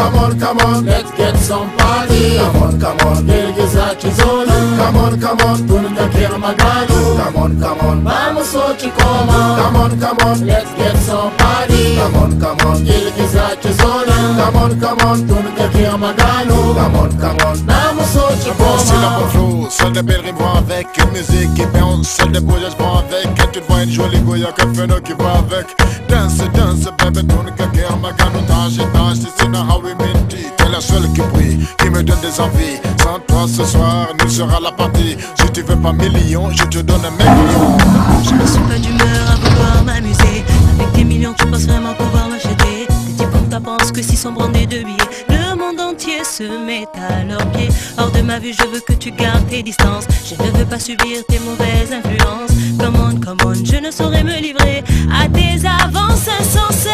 Come on, come on, let's get some party. Come on, come on, nilgizachi zona. Come on, come on, tunatakira magano. Come on, come on, vamos sochi coma. Come on, come on, let's get some party. Come on, come on, nilgizachi zona. Come on, come on, oh. Come on, come on, C'est la bonjour, seul des pèlerins vont avec. Une musique qui bounce, seul des voyages vont avec. et tu vois une jolie goya, que Feno qui va avec. Danse, danse, bébé, ton que aqui é ma galo. Tange, tange, c'est T'es la seule qui brille, qui me donne des envies. Sans toi ce soir, nous sera la partie. Si tu veux pas millions, je te donne un million. entier se met à leurs pieds. Hors de ma vue, je veux que tu gardes tes distances. Je ne veux pas subir tes mauvaises influences. Come on, come on, je ne saurais me livrer à tes avances insensées.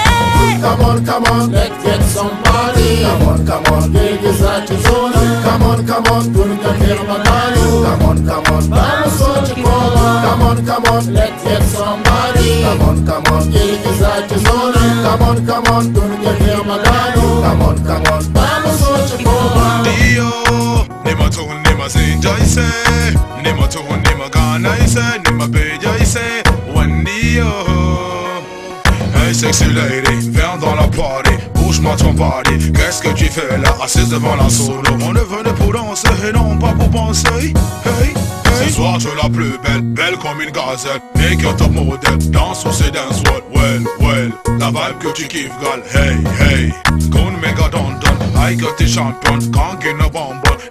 Come on, come on, let's get somebody. Come on, come on, build this attitude. Come on, come on, turka kirmanali. Come on, come on, Come on, come on, let's get somebody. Come on, come on, build the attitude. Come on, come on, my kirmanali. Come on, come on, zinja to gana Hey sexy lady, viens dans la party, bouge-moi ton party Qu'est-ce que tu fais là, assise devant la solo On est venu pour danser et non pas pour penser Hey, hey Ce soir tu es la plus belle, belle comme une gazelle make que top modèle, danse ou c'est dance what? well, well La vibe que tu kiffes gal, hey, hey Goun méga dans I got the on, can't get no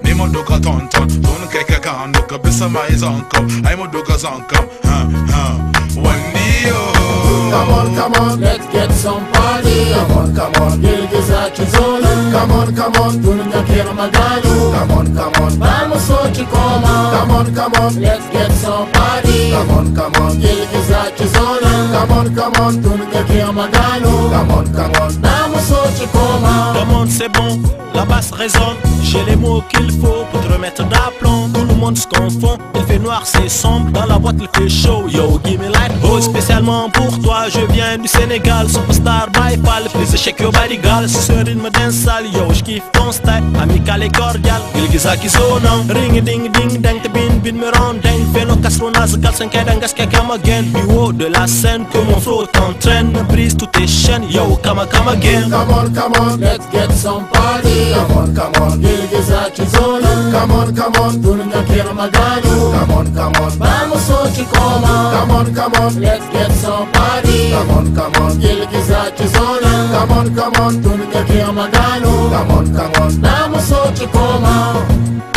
Name a duka ton don't kick a can, look a bissa my uncle. I'm a duka's uncle. Huh, huh. One Come on, come on, let's get some party. Come on, come on, build this action solo. Come on, come on, don't kill my gado. Come on, come on, vamos hoje como. Come on, come on, let's get some party. Come on, come on, build this action solo. Come on, come on, don't kill my gado. Come on, come on, vamos hoje como. monde c'est bon, la basse résonne. J'ai les mots qu'il faut pour te remettre d'aplomb. Tout le monde se confond, il fait noir, c'est sombre. Dans la boîte, il fait chaud, yo, give me light. Oh, spécialement pour toi, je viens du Sénégal. Superstar, by fall, please shake your body, gal. Si ce rythme d'un sale, yo, j'kiffe ton style. Amical et cordial, il guisa qui sonne. Ring ding ding, ding, te bin, bin me rend, ding Fais nos casseronas, d'un sans qu'elle dangasse, qu'elle come again. Du haut de la scène, que mon flow t'entraîne. Brise toutes tes chaînes, yo, come, come again. Come on, come on, Get some party. Come on, come on, girgiza chizona. Come on, come on, dunia kira magano. Come on, come on, vamos ochikoma. Come on, come on, let's get some party. Come on, come on, girgiza chizona. Come on, come on, dunia kira magano. Come on, come on, vamos ochikoma.